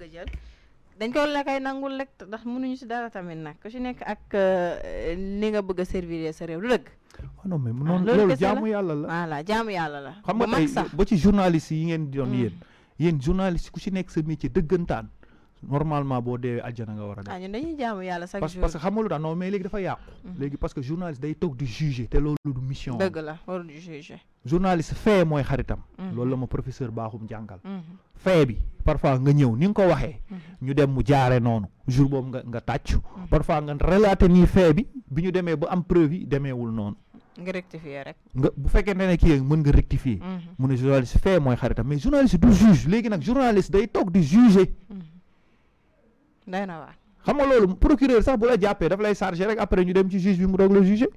bëgg a jël dañ ko la koy nangul rek ndax mënuñu si dara tamit nag ku si nekk ak eh, ni nga bëgg a servir sa réew lu dëgg. ah non mais ah, noonu loolu jaamu yàlla la voilà jaamu yàlla la. xam nga tey ba ci journaliste yi ngeen di doon mm. yéen. yéen journaliste ku si nekk sa métier dëggantaan normalement boo deewee àjjana nga war a def. ah ñun dañuy jaamu yàlla chaque jour parce que xam nga lu tax non mais léegi dafa yàqu. Mm. léegi parce que journaliste day toog di juger te loolu du mission. dëgg la warul di juger. journaliste mooy xaritam. Mm. loolu la ma fee bi parfois nga ñëw ni nga ko waxee mm-hmm. ñu dem mu jaare noonu jour boobu nga nga tàcc mm-hmm. parfois nga relaté nii fee bi bi ñu demee ba am preuve yi demeewul noonu nga rectifier rek nga bu fekkee ne ne kii mun nga rectifier mm-hmm. mu ne journaliste fee mooy xaritam mais journaliste du juge léegi nag journaliste day toog di juger day na waar xam loolu procureur sax bu la jàppee daf lay chargé rek après ñu dem ci juge bi mu doog la juger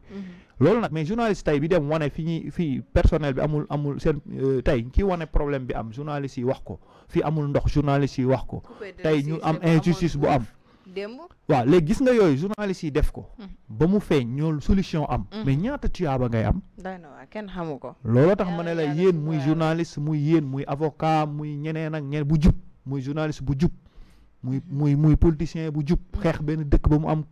loolu nag mais journaliste tey bi dem wane fi ñuy fii personnel bi amul amul seen euh, tey ki wane problème bi am journaliste yi wax ko fii amul ndox journaliste yi wax ko tey ñu am injustice bu am waaw léegi gis nga yooyu journaliste yi def ko hmm. ba mu feeñ ñool solution am hmm. mais ñaata tuyaaba ngay am kenn xamu ko looloo tax ma ne la yéen muy journaliste muy yéen muy avocat muy ñeneen ak ñeneen bu jub muy journaliste bu jub muy muy muy politicien bu jub hmm. xeex benn dëkk ba mu am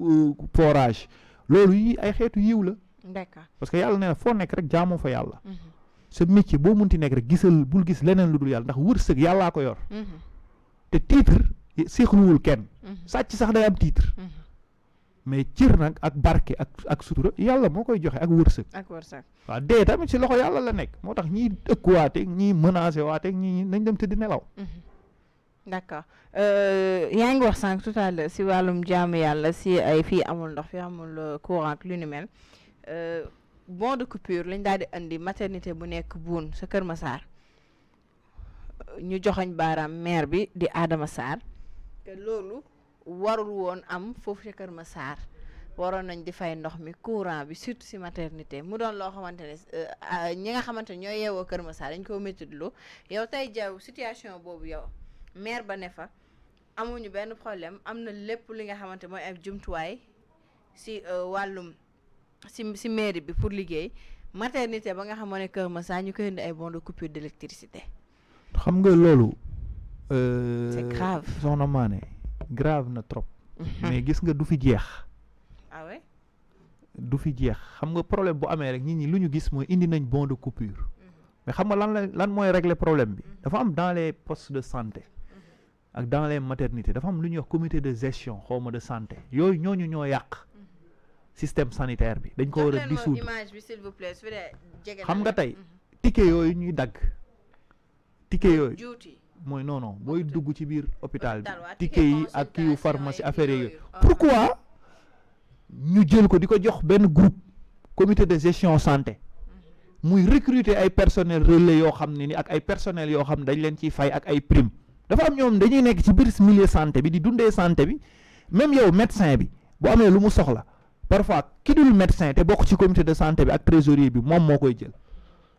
euh, forage loolu yi ay xeetu yiw la. d'accord parce que yàlla nee foo nekk rek jaamoo fa yàlla. Mhm. sa métier boo munti nekk rek gisal bul gis leneen lu dul yàlla ndax wërsëg yàllaa ko yor. Mhm. te titre seexluwul kenn. Mhm. sàcc sax day am titre. mais cër nag ak barke ak ak sutura yàlla moo koy joxe ak wërsëg. ak wërsëg waaw dee tamit si loxo yàlla la nekk moo tax ñiy ëkkuwaatee ñiy menacé waatee ñi nañ dem tëdd nelaw. d' accord euh, yaa ngi wax sànq tout à l'heure si wàllum jàmm yàlla si ay fii amul ndox fii amul euh, courant lu ni mel euh, bon de coupure lañ daal di indi maternité bu nekk buun sa Kër Massar ñu joxoñ baaraam maire bi di aadama saar te loolu warul woon am foofu ca Kër Massar waroon nañ di fay ndox mi courant bi surtout si maternité mu doon loo xamante ne ñi nga xamante ne ñooy yeewoo Kër Massar dañ koo métti lu yow tey jaaw situation boobu yow. maire ba ne fa amuñu benn problème am na lépp li nga xamante mooy ay jumtuwaay si euh, wàllum si si maire bi pour liggéey maternité ba nga xamoon ne Kër Massar ñu koy indi ay bon de coupure d' électricité. xam nga loolu. Euh, c' grave soxna Mané grave na trop. mais gis nga du fi jeex. ah ouais. du fi jeex xam nga problème bu amee rek nit ñi lu ñu gis mooy indi nañ bon de coupure. Mhm. mais xam nga lan la lan mooy régler problème bi. Mhm. dafa am dans les postes de santé ak dans les maternités dafa am comité de gestion de santé ñooñu ñoo système sanitaire bi dañ ko war a xam nga mhm. ticket ñuy ticket non non dugg ci hôpital bi ticket yi ak pharmacie affaire oh, pourquoi ñu jël ko groupe comité de gestion santé mhm. muy recruter ay personnel relais personnel prime dafa am ñoom dañuy nekk ci biir milieu santé bi di dundee santé bi même yow médecin bi bu amee lu mu soxla parfois ki dul médecin te bokk ci comité de santé bi ak trésorier bi moom moo koy jël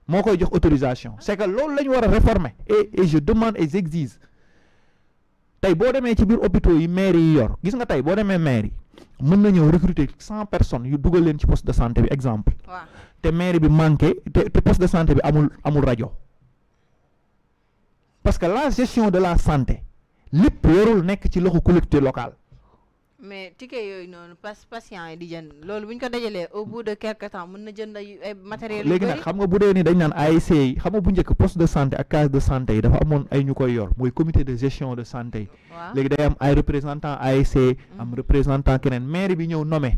moo koy jox autorisation c'est que loolu la ñu war a réformer et et je demande et j'exige tey boo demee ci biir hôpitaux yi maire yi yor gis nga tey boo demee maire yi mën na ñëw recruter 100 personnes yu dugal leen ci poste de santé bi exemple te maire bi manqué te te poste de santé bi amul amul rajo parce que la gestion de la santé lépp warul nekk ci loxo collectivité local mais ticket yooyu noonu pas patient yi di jënd loolu bu ñu ko dajalee au bout de temps mën na jënd ay matériel léegi nag xam nga bu dee ni dañ naan ASC yi xam nga bu njëkk poste de santé ak case de santé yi dafa amoon ay ñu koy yor mooy comité de gestion de santé yi léegi day am ay représentant ASC am mm. représentant keneen maire bi ñëw nommé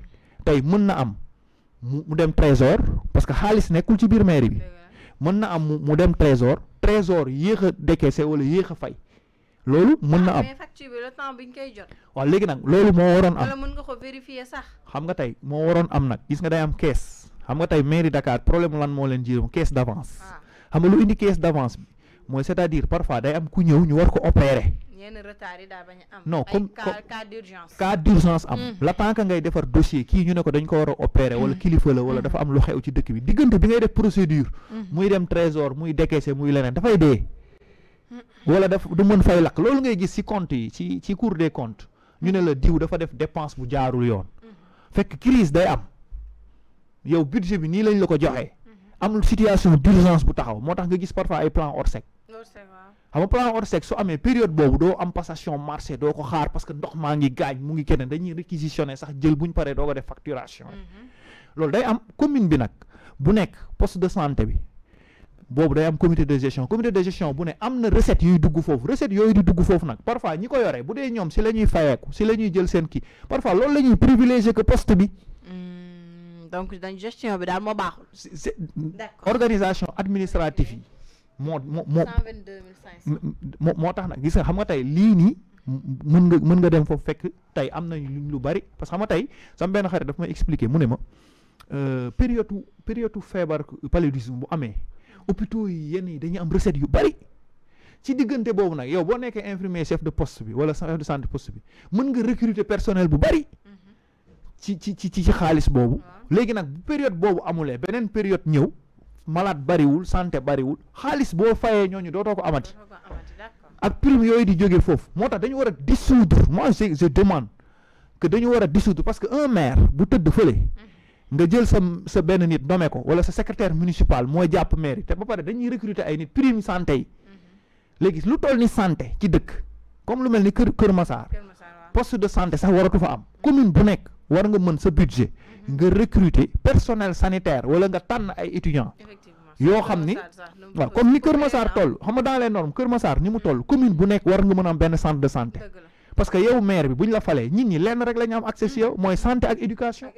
tey mën na am mu dem trésor parce que xaalis nekkul ci biir mairie bi mën na am mu dem trésor trésor yéex a décaissé wala yéex a fay loolu mën na ah, am facture bi le temps bi waaw léegi nag loolu moo waroon am wala nga ko vérifier sax xam nga tey moo waroon am nag gis nga day am caisse xam nga tey mairie Dakar problème lan moo leen jiiram caisse d'avance ah. xam nga lu indi caisse d'avance bi mooy c'est-à-dire parfois day am ku ñëw ñu war ko opérer yenn retard yi daa bañ am. non comme cas d'urgence cas d'urgence am. Mm. la tant que ngay defar dossier kii ñu ne ko dañ ko war a opérer wala mm. kilifa la wala mm. dafa am lu xew ci dëkk bi diggante bi ngay def procédure. muy dem trésor muy décaisser muy leneen dafay dee. wala daf du mën fay lakk loolu ngay gis ci compte yi ci ci cour des comptes ñu ne la diw dafa def dépense bu jaarul yoon. fekk crise day am yow budget bi nii lañ la ko joxee. am situation d'urgence bu taxaw moo tax nga gis parfois ay plan Orsec. xam nga plan Orsec su amee période boobu doo am passation marché doo ko xaar parce que ndox maa ngi gaañ mu ngi keneen dañuy réquisitionné sax jël bu ñu paree doo ko def facturation mhm. loolu day am commune bi nag bu nekk poste de santé bi boobu day am comité de gestion comité de gestion bu ne am na recette yuy dugg foofu recette yooyu di dugg foofu nag parfois ñi ko yore bu dee ñoom si la ñuy fayeeku si la ñuy jël seen kii parfois loolu la ñuy bi. Hmm, donc dañ gestion bi daal moo baaxul. organisation administrative yi. moo moo moo moo moo tax nag gis nga xam nga tey lii nii mun nga mën nga dem foofu fekk tey am nañ lu bari parce que xam nga tey sama benn xarit daf ma expliquer mu ne ma période euh, période feebar paludisme bu amee hôpitaux yi yi dañuy am recette yu bari ci diggante boobu nag yow boo nekkee infirmier chef de poste bi wala chef de santé poste bi mën nga recruter bu bari mhm. ci ci ci ci xaalis boobu léegi nag bu période boobu amulee beneen période ñëw malade bariwul santé bariwul xaalis boo fayee ñoo ñooñu dootoo ko amati ak prime yooyu di jóge foofu moo tax dañu war a dissoudre moi demande que dañu war a dissoudre parce que un maire bu tëdd fële mhm. nga jël sa sa benn nit nommé ko wala sa secretaire municipal mooy jàpp maire te ba pare dañuy recruter ay nit prime santé yi mhm. léegi lu toll ni santé ci dëkk comme lu mel ni kër Kër Massar poste de santé sax waratu fa am commune bu nekk war nga mën sa budget Mhm. nga recruter personnel sanitaire wala nga tànn ay étudiants. yoo xam ni waaw comme ni Kër Massar toll xam nga dans les normes Kër Massar ni mu toll commune bu nekk war nga mën am benn centre de santé. parce que yow maire bi bu ñu la falee nit ñi lenn rek la ñu am accès si mhm. yow mooy santé ak éducation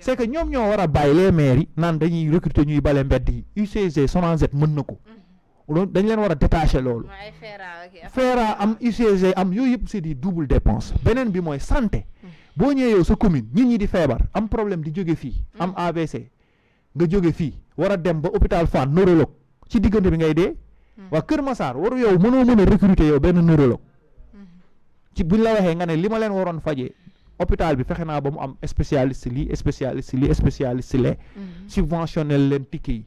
c' que ñoom ñoo war a bàyyi les maires yi naan dañuy recruter ñuy bale mbedd yi UCG SONAGED mën na ko mhm. loolu dañ leen war a détacher loolu. FERA am UCG am yooyu yëpp c' est di double dépense beneen bi mooy santé. boo ñëwee yow sa commune nit ñi di feebar am problème di jóge fii am mm. AVC nga jóge fii war a dem ba hôpital Fann neurologue ci diggante bi ngay dee mm. waa Kër Massar waru yow mënoo mën a recruter yow benn neurologue mm. ci buñ la waxee nga ne li ma leen waroon faje hôpital bi fexe naa ba mu am spécialiste lii spécialiste li spécialiste lee subventionnel leen ticket yi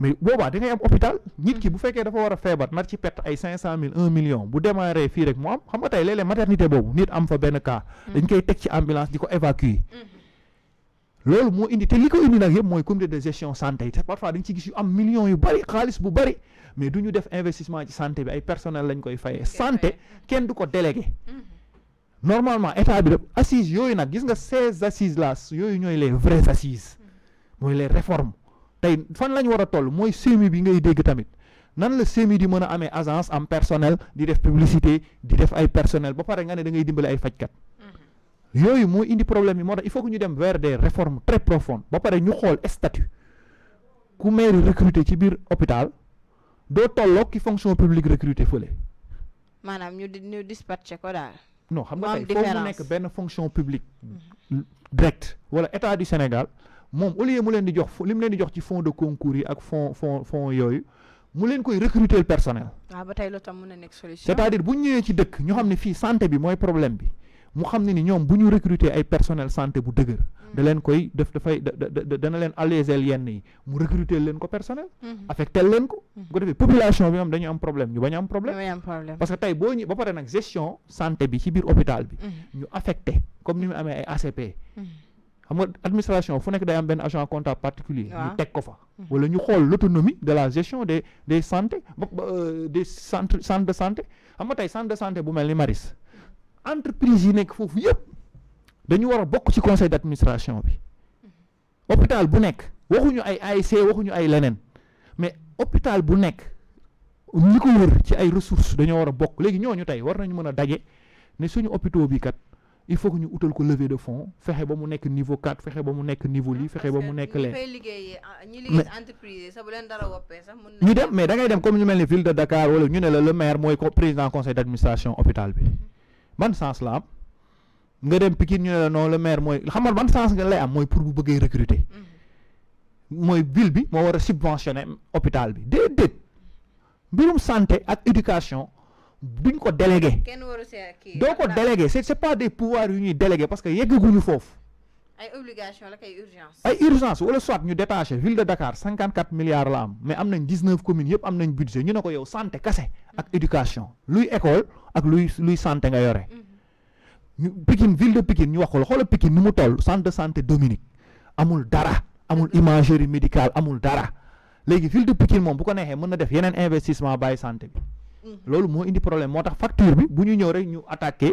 mais si vous avez un hôpital nit ki bu dafa a nar ay million bu démarré fi rek mo am xam nga maternité nit am cas mm. ambulance diko évacuer indi indi de gestion santé parfois dañ ci gis millions yu bu mais def investissement santé bi personnel lañ koy santé mm-hmm. normalement état assises yoyu nak gis nga 16, assises là les vraies assises mm-hmm. les réformes tey fan lañ war a toll mooy semi bi ngay dégg tamit nan la semi, di mën a amee agence am personnel di def publicité di def ay personnel ba pare nga ne da ngay dimbali ay fajkat mhm. yooyu moo indi problème yi moo tax il faut que ñu dem vers des réformes très profondes ba pare ñu xool statut ku maire recruter ci biir hôpital doo tolloo ki fonction publique recruter fële. maanaam ñu di ñu dispatché ko daal. non xam nga tey foo mu nekk benn fonction publique mhm. direct. wala état du Sénégal moom au lieu mu leen di jox li mu leen di jox ci fonds de concours yi ak fonds fonds fonds yooyu mu leen koy recruter le personnel. waaw ah, ba tey loolu tam mën na nekk solution. c'est-à-dire bu ñu ñëwee ci dëkk ñu xam ne fii santé bi mooy problème bi mu xam ne ni ñoom bu ñu recruter ay personnel santé bu dëgër. da mm. leen koy def dafay da dana leen alléger yenn yi mu recruter leen ko personnel. Mm-hmm. affecté leen ko. bu mm-hmm. ko defee population bi moom dañu am problème ñu bañ am problème. parce que tey boo ñu ba pare nag gestion santé bi ci biir hôpital bi. Mm-hmm. ñu affecté comme ni mu amee ay ACP. xam nga administration fu nekk day am benn agent comptable particulier ñu teg ko fa mm-hmm. wala ñu xool l'autonomie de la gestion des des santé euh, des centres centres de santé xam nga tey centre de santé bu mel ni Maris entreprise yi nekk foofu yëpp dañu war a bokk ci conseil d'administration bi mm-hmm. hôpital bu nekk waxuñu ay ay ASC waxuñu ay leneen mais hôpital bu nekk li ko wër ci ay ressource dañoo war a bokk léegi ñooñu tey war nañu mën a daje ne suñu hôpitaux bi kat il faut que nous utal le levé de fonds faire ba niveau 4 faire ba mu au niveau lii faire bon mu ah, mais da ngay comme de Dakar le maire le président conseil d'administration de hôpital bi mhm. ban sens là nous dem Pikine ñu le maire sens pour recruter mhm. ville bi subventionner hôpital bi santé éducation buñ ko délégué. kenn waru ko délégué c'est pas des pouvoirs yu ñuy délégué parce que yeggaguñu foofu. ay obligations la kay urgence. ay urgence wala soit ñu détacher ville de Dakar 54 milliards la am mais am nañ dix communes yépp am nañ budget ñu nako yow santé cassé ak mm-hmm. éducation luy école ak luy luy santé nga yore. Mm-hmm. ñu Pikine ville de Pikine ñu wax ko la Pikine ni mu toll centre de santé Dominique amul dara amul mm-hmm. imagerie médicale amul dara légui ville de Pikine mom bu ko nexé mëna def yenen investissement bàyyi santé bi. Mhm. loolu mo indi problème motax facture bi buñu ñëw rek ñu attaqué.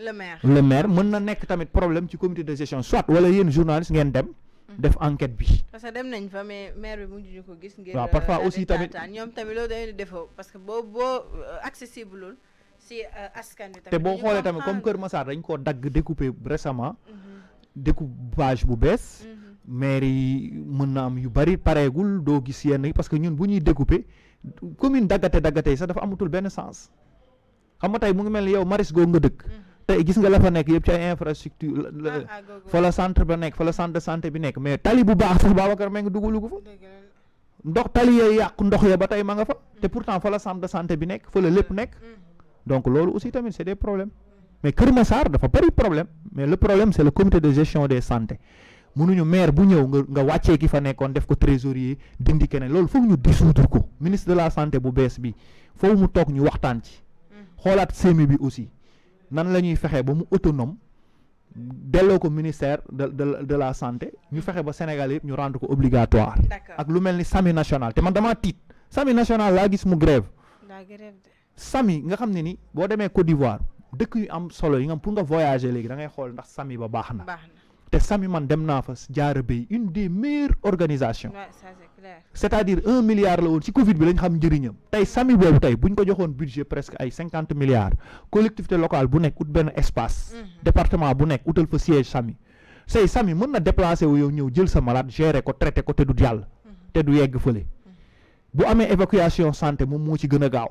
le maire le maire mën na nek tamit problème ci comité de gestion soit wala yeen journaliste ngeen dem. Mhm. def enquête bi. parce que dem nañ fa mais maire bi mu ñu ko gis. ngeen waaw parfois euh, aussi tamit ñom tamit loolu dañu defo parce que bo bo euh, accessible lool si euh, askan bi. tamit te bo xolé tamit comme cœur massa dañ ko dag découper récemment. Mhm. découpage bu bees. Mhm. maire yi mën na am yu bari pareegul doo gis yenn yi parce que ñun bu ñuy découper commune daggate daggate yi sax dafa amatul benn sens. xam nga tey mu ngi mel ni yow maris goo nga dëkk. Mhm. tey gis nga la fa nekk yëpp ci ay infrastructure ah, ah, fa la centre ba nekk fa la centre bi nekk mais tali bu baax sax Babacar mee nga dugalu ko fa. ndox tali yooyu yàqu ndox ya ba tey ma nga fa. te mhm. pourtant fa la centre santé bi nekk fa la lépp nekk. donc loolu aussi tamit c'est des problèmes. mais Kër sar dafa bari problème mais le problème c'est le comité de gestion des santé ñu maire bu ñew nga nga wàccee ki fa nekkoon def ko trésorier dindi kene lool fofu ñu dissoudre ko ministre de la santé bu bees bi fofu mu tok ñu waxtaan ci mm. xoolaat semi bi aussi nan lañuy fexé ba mu autonome dello ko ministère de de de la santé ñu fexé ba Sénégal yépp ñu rendre ko obligatoire. ak lu melni sami national té man dama tit sami national la gis mu grève. sami nga xamné ni bo démé Côte d'Ivoire. dëkk yu am solo yi nga pour nga voyager léegi dangay ngay xool ndax sami ba baax na te sami man dem naa fa jaara bay une des meilleures organisations c'est-à-dire un milliard la woon ci Covid bi lañ xam njëriñam tey sami boobu tey buñ ko joxoon budget presque ay cinquante milliards collectivité locale bu nekk ut benn espace mhm. département bu nekk utal fa siège sami sey sami mën na déplacer wu yow ñëw jël sa malade gérer ko traiter ko te du jàll mhm. te du yegg fële mhm. bu amee évacuation santé moom moo ci gën a gaaw